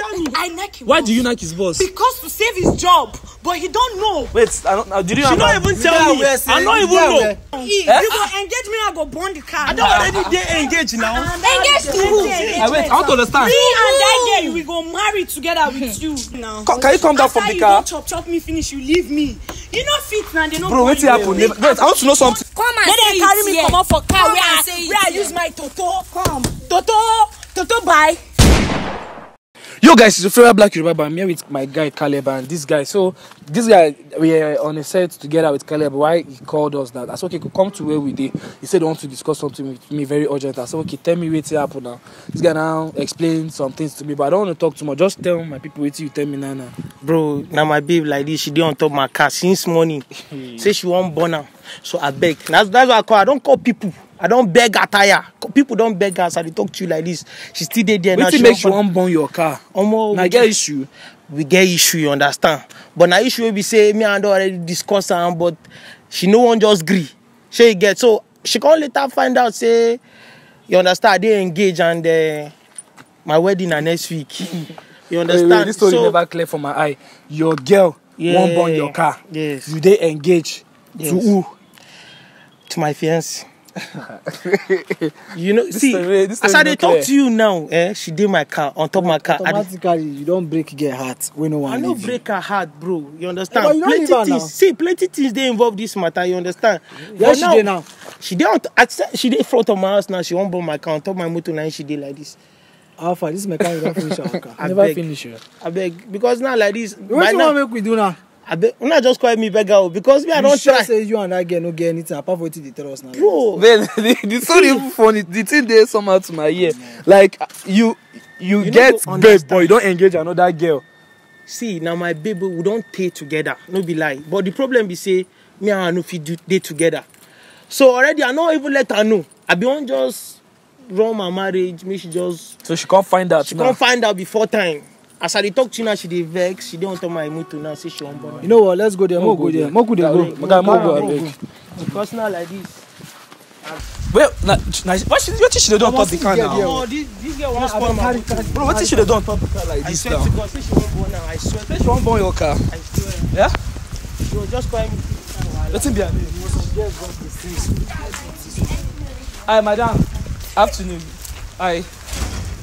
tell me. I knack his Why do you knack his boss? Because to save his job. But he don't know. Wait, I don't, I, uh, did you She not even tell me. I don't even know. He, You eh? go engage me, I go burn the car. I don't already dey engage now. Engage to who? I Wait, I want to understand. Me and that girl, we go marry together with you now. Can you come down from the car? After you chop chop me finish, you leave me. You know fit now, they no Bro, wetin happen? Wait, I want to know something. Come and say it here. Then they carry me comot for car where I use my toto. Come. Toto, toto bye. Yo guys, it's your favorite Black Yoruba, but I'm here with my guy Caleb and this guy. So this guy, we are on a set together with Caleb. Why he called us that? I said, okay, come to where we did. He said, I want to discuss something with me very urgent. I said, okay, tell me what's happened now. This guy now explained some things to me, but I don't want to talk too much. Just tell my people what you tell me now. Bro, now my babe like this, she did on top of my car since morning. Say she won't burn now. So I beg. That's, that's what I call. I don't call people i don't beg her tire people don't beg her as i talk to you like this she still dey there now she wan wetin make you wan burn your car omo na get issue we get issue you understand but now issue wey be say me and her already discuss her. but she no one just agree. She get so she come later find out say you understand They engage and uh, my wedding are next week you understand wait, wait, this story so, never clear for my eye your girl yeah, wan burn your car yes. you they engage yes. to who to my fiance you know, see, very, as I dey talk to you now, eh, she did my car on top of my car. Automatically, you don't break get heart when no one. I don't break her heart, bro. You understand? Yeah, you plenty things. Now. See, plenty things they involve this matter. You understand? Yeah, she did now. She did. She did front of my house now. She won't burn my car on top of my motor Now She did like this. Alpha, this mechanic don't finish our car. I never beg. finish her. I beg because now like this. What you want make we do now? abeg una just call me beggar o because me i don try. you sure say you and that girl no get anything apart from wetin dey tell us now. bro babe the the story funny the thing dey somehow to my ear like you you, you get babe but you don engage another girl. see na my babe we don tey together no be lie but the problem be say me and her no fit dey together so already i no even let her know i be wan just run my marriage make she just. so she come find out she now she come find out before time as i dey talk to you now she dey vex she dey on top my motor now say she wan born you know what let's go there make go there make we dey go make i go abeg. because now like this. Wait, na, na, what she, what she dey do on top the car now? No, oh, this, this girl wan spoil my motor. Bro, what she dey do on top the car like this now? I swear to God, say she wan born now. I swear. Say she wan born your car. I swear. Yeah? She was just calling me. Wetin be her name? Hi, madam. Afternoon. Hi.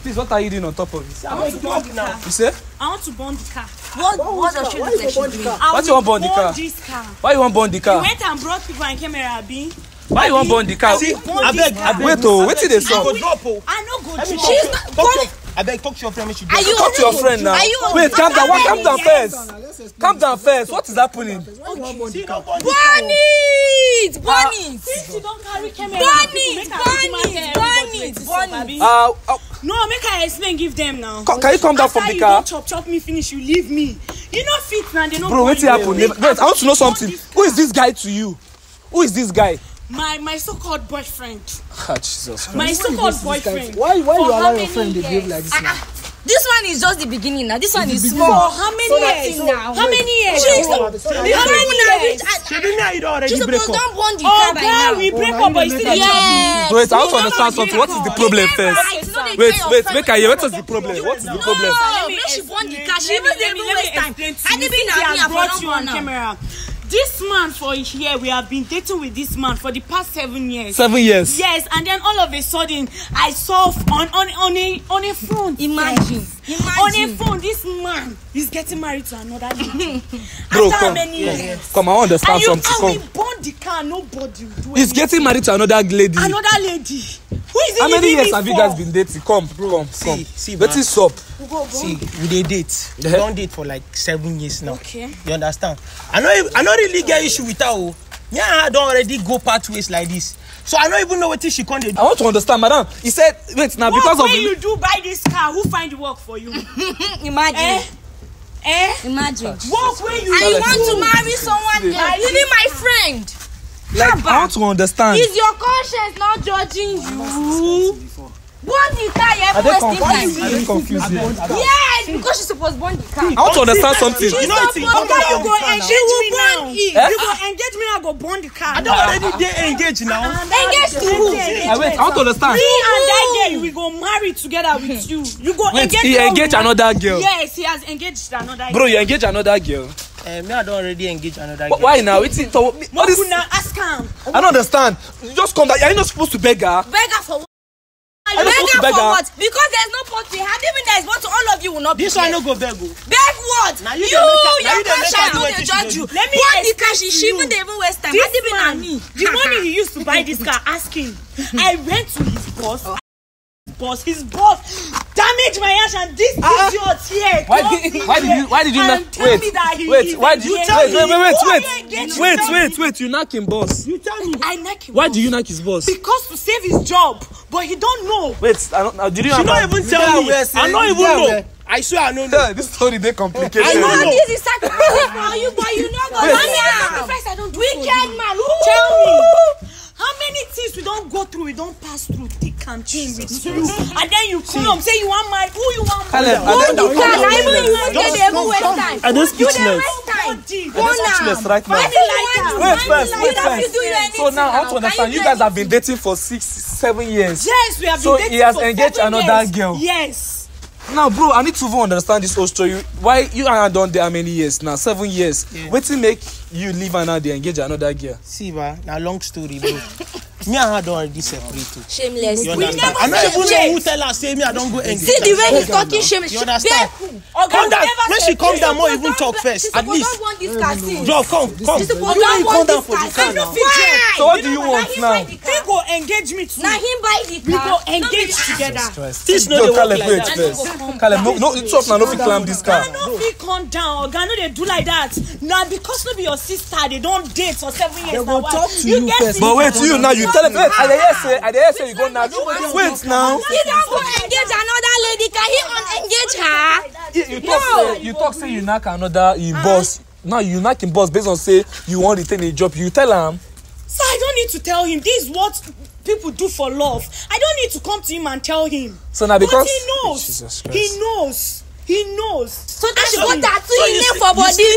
Please, what are you doing on top of it? I want to burn the car. You say? I want to burn the car. What, what, what does she look like she doing? Why you want burn the car? This car? Why you want burn the car? You went and brought people and came here, Abi. Why you wan burn the car? See, abeg, abeg. Wait o, oh, wetin dey sup? I go drop oh. I no go drop. She's not abeg talk to your friend make she do it talk to your friend now wait calm down what calm down first calm down first what is happening burn it ah. burn it burn it burn it burn it burn ah, it. Oh. no make i explain give dem now can you come down from the car after you don chop chop me finish you leave me you no fit na they no go bro wetin happen wait i want to know something who is this guy to you who is this guy my my so-called boyfriend. Ah, Jesus Christ. My so-called boyfriend. Why why you allow your friend to behave like this ah, now? Ah. This one is just the beginning now. This one is small. For how many years now? How many years? How many years? Shebi you don already break up. don't burn the car by now. Oh God, we break up but you still dey chat. Wait, I want to understand something. What is the problem first? Wait, wait, make I hear. What is the problem? What is the problem? No, she burn the car. She even dey waste time. I dey be na me. I for don burn am this man for a year we have been dating with this man for the past seven years. seven years. yes and then all of a sudden i saw on on on a on a phone. imagine yes. imagine on a phone this man is getting married to another lady. bro after come after many yes. come i understand and something come. and you and we burn the car nobody do anything. he's getting married to another lady. another lady who is how many years have you guys been dating come Bro, come see, come see wetin sup. see we dey date we eh? don date for like seven years now okay. you understand i no e, i no really get issue with her o oh. me and her don already go pathways like this so i no even know wetin she come dey do. i want to understand madam he said wait na because of. work wey you do buy this car who find work for you. Eh? imagine. Eh? Eh? imagine. work wey you do. and you want to marry someone then. are you my friend like Abba, i want to understand. is your conscience not judging you. burn the car you ever waste time. are they confused are they confused here. yes because she suppose burn the car. i want to understand something. she suppose na eh? you go engage me now you go engage me now go burn the car. i don already dey engaged now. engage to who. i wait i want to understand. me and that girl we go marry together with you. you go wait, engage. wait he engage another girl. yes he has engaged another girl. bro you engage another girl. Eh, me, I don't already engage another Why now? It's so. What is? Ask him. I don't understand. You just come back. Are you not supposed to beg her? Beg her for what? Are you beg her beg for her? what? Because there's no party. Had even there is what all of you will not. This one no go beg o. Oh. Beg what? Now you, you your cash and who dey judge you? Let me What the cash Is she even dey even waste time. Had even me. The money he used to buy this car, ask him. I went to his boss. Boss, his boss damage my ass and this uh, is ah. your tear. Why, did, why did you why did you not wait wait, wait why did you, you wait wait wait wait wait wait wait, wait wait you knock him boss. You tell me. I knock him. Why boss. do you knock his boss? Because to save his job but he don't know. Wait I don't I did you. She not even tell me. I not even know. I swear I know know. This story dey complicated. I know this is sacrifice for you but you no go. Wait. Mommy I sacrifice I don't do Wicked man. Tell me many things we don go through we don pass through thick and change. with you and then you come up say you wan marry who you wan marry go the car na even you wan get dey even waste time i dey speechless i dey speechless right now wait first wait first so now i want to understand you guys have been dating for six seven years yes we have been dating for seven years so he has engaged another girl yes now bro i need to even understand this whole story why you and her don dey how many years now seven years yeah. wetin make you leave her now dey engage another girl. see ba na long story bro me and her don already separated. Oh. shameless you understand i no even know who tell her say me i don go end see the way he's talking shameless you understand calm down When she come down more even talk first at least drop come come you know you come down for the car now so what do you want now he go engage me too na him buy the car we go engage together This no dey work like that first Caleb no no two of una no fit climb this car una no fit come down oga no dey do like that na because no be your sister dey don date for seven years na why you get sister but wait you now you tell you, hmm. wait, I hear say, I hear say you go now. Wait now. He don't go engage another lady. Can he unengage her? You talk say you talk say you knock another you uh-huh. boss. Now you knack him boss based on say you want to take a job. You tell him. Sir, I don't need to tell him. This is what people do for love. I don't need to come to him and tell him. So now because but he knows. He knows he knows. so that she go tattoo him name for body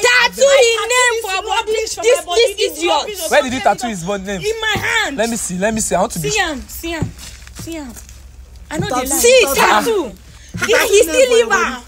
tattoo him name for body this this idiot. where did he tattoo his body name. in my hand. let me see let me see i want to be. see am see am see am i no dey lie. see tattoo yeah he still live am. Ah.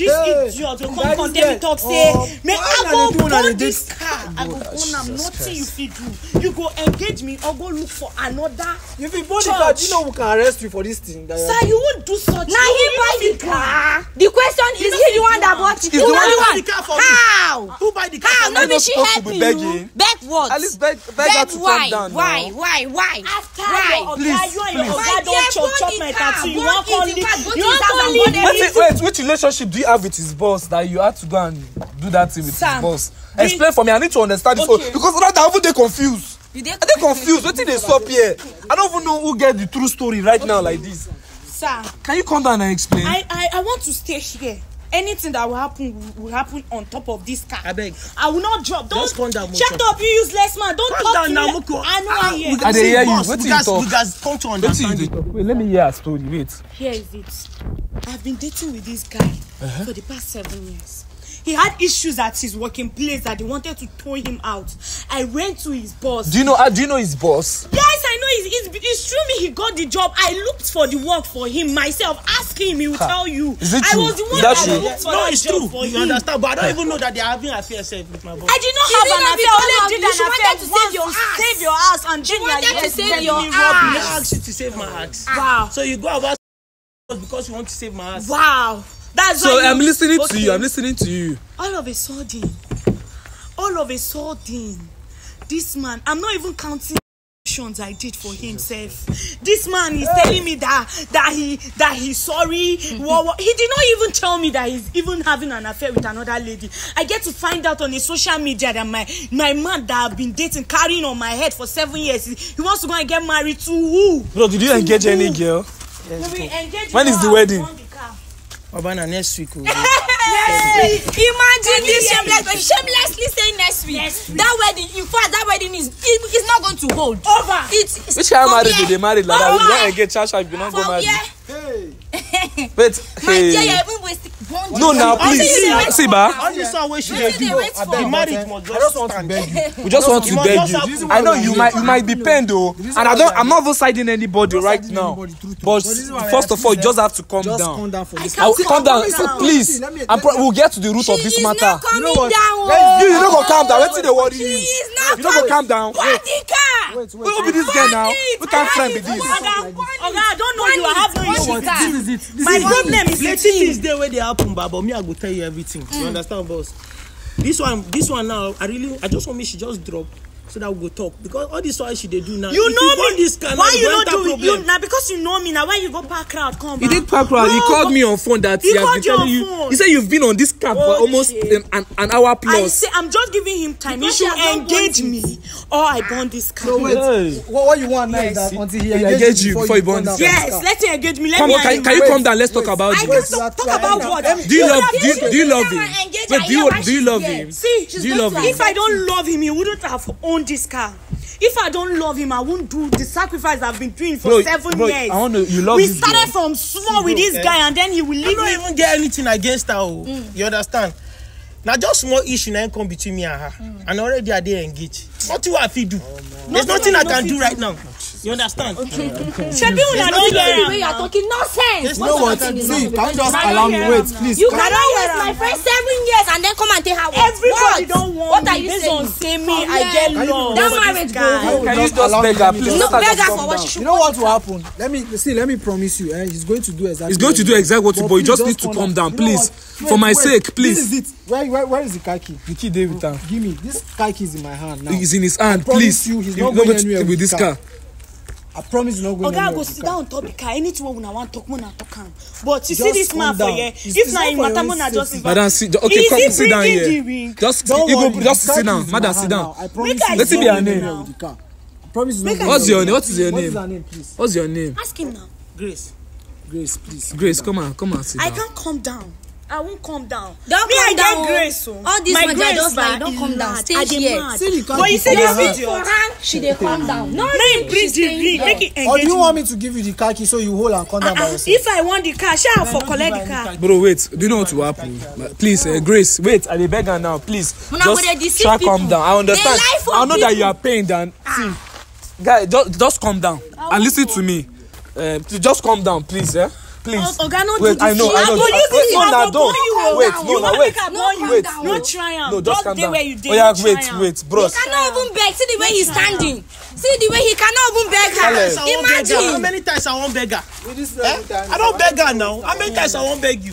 This dis idiot oh, go come condemn me talk say make i go burn this car i go burn oh, am nothing you fit do you go engage me or go look for another you fit burn the car do you know we can arrest you for this thing. sir you won't do such na he buy the car the question is he the one that bought it Who no the one how how no be she help you beg what at least beg beg her to calm why why why Please. Please. oga you and your oga don chop chop my tattoo you wan call leave you wait wait which relationship do you have with his boss that you had to go and do that thing with Sam, his boss we, explain for me i need to understand this one because other time i even dey confused i dey confused did they stop here i don't even know who get the true story right okay. now like this sir can you come down and explain. i i i want to stay here anything that will happen will happen on top of this car. I beg. i will not drop don shut up you useless man don talk to me i no wan ah, hear. i dey hear you wetin you talk wetin you dey talk wait let me hear a story wait. here is it. I've been dating with this guy uh-huh. for the past seven years. He had issues at his working place that they wanted to throw him out. I went to his boss. Do you know? Uh, do you know his boss? Yes, I know. It's, it's, it's true. Me, he got the job. I looked for the work for him myself. Ask him; he will ha. tell you. Is it I true? was the one That's that true? looked for no, that it's job true. for you him. understand? But I don't even know that they are having affairs with my boss. I did not have an affair. All I did an affair to save your ass. save your ass and Junior. You wanted to save your ass. I asked you to save my ass. Wow. So you go about because you want to save my ass. Wow. That's so why I'm you... listening okay. to you. I'm listening to you. All of a sudden, all of a sudden, this man, I'm not even counting actions I did for himself. This man is telling me that that he that he's sorry. Mm-hmm. he did not even tell me that he's even having an affair with another lady. I get to find out on his social media that my my man that I've been dating carrying on my head for seven years, he, wants to go and get married to who? Bro, did you engage any girl? let's we go when is the wedding obana next week o. Oh. next imagine this shameless shamelessly saying next week next week that wedding in fact that wedding is it is not going to hold. over it's, which kind of marriage dey dey marry like that we don engage church wife you no go marry. Hey. wait hey. my dear you even no na please see see, ba the marriage must just stand we just want to beg you i know you might you might be pained o and i don't, i'm not even siding anybody right now but first of all you just have to calm down calm down please and we'll get to the root of this matter you you oh. no go calm down wetin dey worry you you no go calm down. Ah, wait, wait, wait. Who be this girl now? Who can friend be this? Oga, I don't know you. I have no issue. This is it. This My is problem is the thing. This day where they happen, but me I go tell you everything. Mm. You understand, boss? This one, this one now. I really, I just want me she just drop so that we go talk because all this why she dey do now you if know you me this canal, why you no do problem. you na because you know me na why you go park crowd come you did park crowd no, he called me on phone that he, he has been telling you phone. he said you've been on this cab oh, for almost um, an, an hour plus i say i'm just giving him time because he should engage me or i ah. burn this car so wait yes. what, what you want now yes. that until he engage you before you burn this car yes let him engage me let come, me can, can you come down let's talk about it talk about what do you love do you love him do you love him see if i don't love him he wouldn't have owned own this car if i don't love him i won't do the sacrifice i've been doing for bro, seven bro, years I know, you love we started girl. from small bro, with this eh, guy and then he will leave i don't even get anything against her oh. mm. you understand Now just small issue now come between me and her mm. and already are they engaged What do i fit do oh, no. there's nothing, nothing i can do right now. You understand? Okay. una no hear am. You are talking nonsense. There's no what. See, can't just allow me wait, please? You cannot waste my friend seven years and then come and take her what? Everybody what? don't want what me. are you Based saying? on say me, oh, I get love. That marriage go. Can you just beg her, please? No, beg her for what she You know what will happen? Let me see. Let me promise you. Eh, he's going to do exactly. He's going to do exactly what you. But you just need to calm down, please. For my sake, please. This is it. Where where where is the kaki? key? The key dey Give me. This kaki. is in my hand now. He's in his hand, please. I promise you, he's not going anywhere with this car i promise no go oga i go sit down top the car anything wey una wan talk una talk am but you see this man for here if na him matter una just invite madam sit down okay come sit down here just you go just sit down madam sit down wetin be her name what's your name what is your name What what's your name ask him now grace grace please grace come on come on sit down i can't calm down i wan calm down Don't me i get grace o oh. all this my grace na don calm down stay here but you see this video for her she dey calm down no make him bring the ring make him engage or do you want me to give you the car key so you hold and calm down by uh-uh. yourself if i want the car shey for collect the car. bro wait do you know what will happen please uh, grace wait i dey beg am now please just try calm down i understand i know that you are pained and ah. see guy just just calm down and listen to me uh, just calm down please. Eh? please oga no wait, do this i go use this one i go burn you o wait no na wait wait no try am no just calm down oya oh, wait wait bros. You cannot even beg see the way he standing see the way he cannot even beg her imagine. how many times eh? i wan beg her i don beg her now how many times i wan beg you.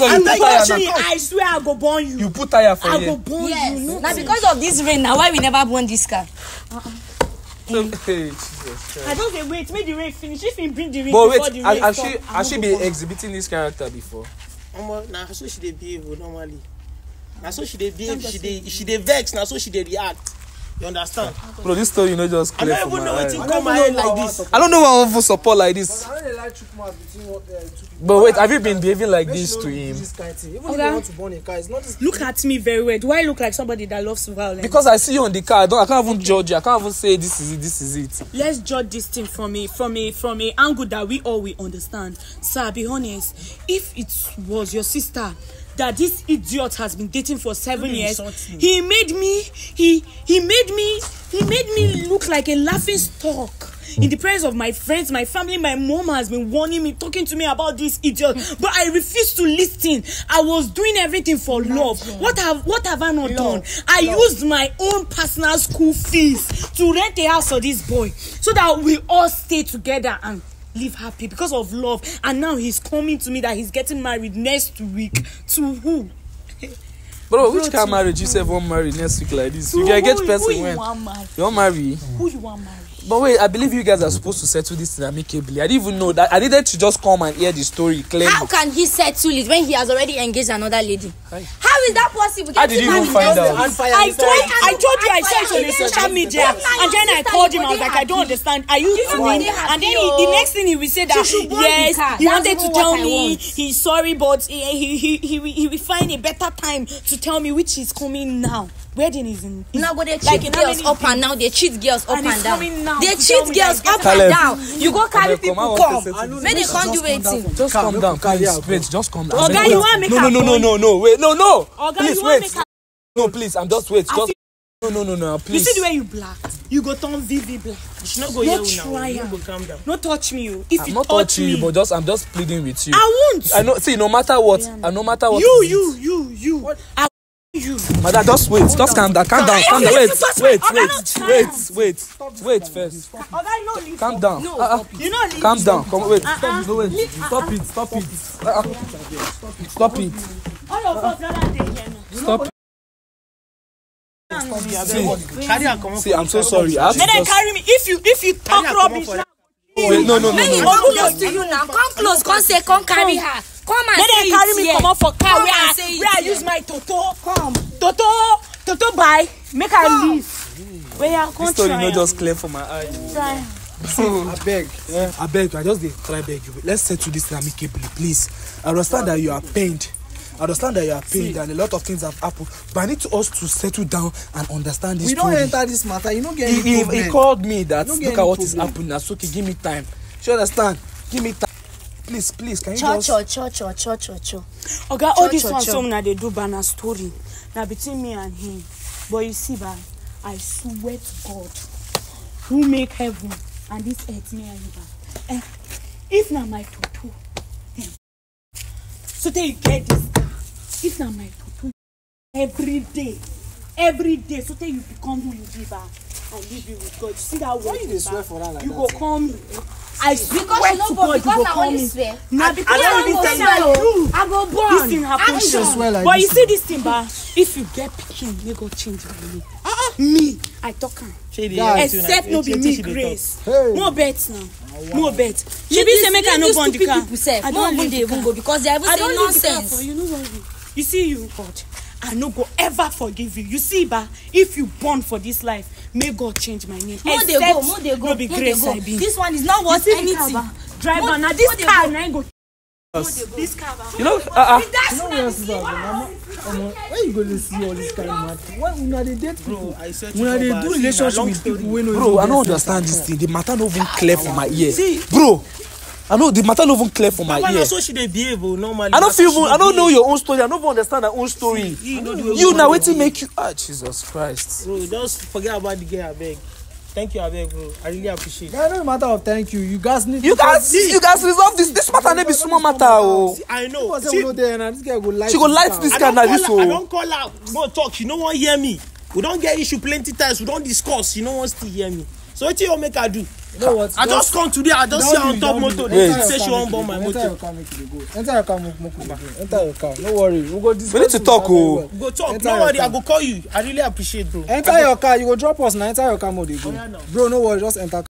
so you put tire na come i swear i go burn you you put tire for here i go burn yes. you no na because of this rain na why we never burn this car. Uh -uh. So, hey, Jesus Christ. I don't say wait, make the rain finish. If you bring the rain but before wait, the rain has, has she has she been exhibiting this character before? Omo, na so she dey behave normally. Na so she dey behave, she dey she dey vex, na so she dey react you understand. bro this story you know just clear for my eye i don't even know wetin come my head like this. i don't know why i wan full support like this. Uh, but wait have you been behaving like this to him. this look at me very well do i look like somebody that loves violence. because i see you on the car i don't i can't even judge you i can't even say this is it this is it. let's judge this thing from a from a from a angle that we all we understand sir be honest if it was your sister that this idiot has been dating for seven years he made me he he made me he made me look like a laughing stock in the presence of my friends my family my mom has been warning me talking to me about this idiot but i refused to listen i was doing everything for Imagine. love what have what have i not love. done i love. used my own personal school fees to rent a house for this boy so that we all stay together and live happy because of love. And now he's coming to me that he's getting married next week. To who? Bro, which kind of marriage you say won't marry next week like this? You can get person who you when? Want marry? You want marry? Who you want marry? but wait i believe you guys are supposed to settle this thing amicably i didn't even know that i needed to just come and hear the story clearly. how can he settle it when he has already engaged another lady. Hi. how is that possible. how did you even find out. i told i told you i saw on social media and then i called him i was like i don't understand are you twin and then oh. the next thing he will say that yes he wanted to tell me he's sorry but he he he he will find a better time to tell me which is coming now wedding is in is now go dey cheat like girls up and down dey cheat girls up and, down dey cheat girls up and down you go carry people come make dem come do wetin. just calm down please wait just calm down. oga you wan make am no no no no no wait no no please wait no please i'm just wait just no no no no please. you see the way you black you go turn vv black. you should not go no yell now you go calm no touch me o oh. if I'm you touch me. i'm not touching you but just i'm just pleading with you. i won't. i no see no matter what yeah, no. no matter what. you you you you. What? you. Mother, just wait. Hold just calm down. Calm down. Calm down. Wait. Wait. Wait. Wait. Wait. Wait first. Calm down. No, ah, ah. Calm down. Come wait. Ah, Stop it. Stop it. Stop it. Stop it. All of us rather Stop. See, see, I'm so sorry. I have to just... carry me. If you if you talk rubbish now, wait, no, no, no, no. Ogun goes to you now. Come close. Come say. Come carry her come and say it here carry me comot for car where i where i use my toto come toto toto buy make i leave oya come try am this story no just clear for my eye try abeg abeg i just dey try beg you let's settle this thing amicably please i understand that you are pained I understand that you are pained and a lot of things have happened, but I need to us to settle down and understand this. We don't story. enter this matter. You don't get any he, problem. He, he called me that look at what problem. is happening. Asuki, give me time. Do you understand? Give me time please please can you cho, just. cho cho cho cho cho cho. oga all this one some na dey do bana story na between me and him but you see ba i swear to god who make heaven and this earth me and you ba eh, if na my tutu, eh so then you get this if na my tutu, every day every day so then you become who you be ba and leave you with God. See that word. Why you dey swear for that like you that? You go come. I swear to God, you go call me. Na because I go swear. I go born. This thing happen. She swear like But you see this thing, ba, if you get pikin, you go change by me. Ah, ah. Me, I talk am. Except no be me grace. No bet now. no bet she be say make i no born the car i don't don leave the car because they even say nonsense for you no worry you see you god i no go ever forgive you you see ba if you born for this life may god change my name mo dey go mo dey go no be go. this one is not worth anything driver na this car na go. This car, you know, ah ah. you know where else is that? Omo, where you go dey see all this kind of mad thing? Why una dey date people? Una dey do relationship with people wey no even get sense. Bro, I no understand this thing. The matter no even clear for my ear. Bro, I know the matter no even clear for my ear. Na so she dey behave o oh, normally. I no fit even I no know your own story I no even understand her own story. You na wetin make you ah Jesus Christ. Bro just forget about the girl abeg. Thank you abeg bro I really appreciate. Yeah, no matter of thank you you guys need. You guys you guys resolve this this matter no be small matter o. Oh. I know. She, she, go light this guy na this o. I don oh. call her go talk she no wan hear me. We don get issue plenty times we don discuss she no wan still hear me. So wetin you wan make her do? know what? I just come today. I just see her on top motor. They say she wan born my motor. Enter your car, make you go. Enter your car, No worry. We go discuss. We need to talk, oh. Go talk. No worry. I go call you. I really appreciate, bro. Enter your car. You go drop us now. Enter your car, mode. Oh, bro, no worry. Just enter.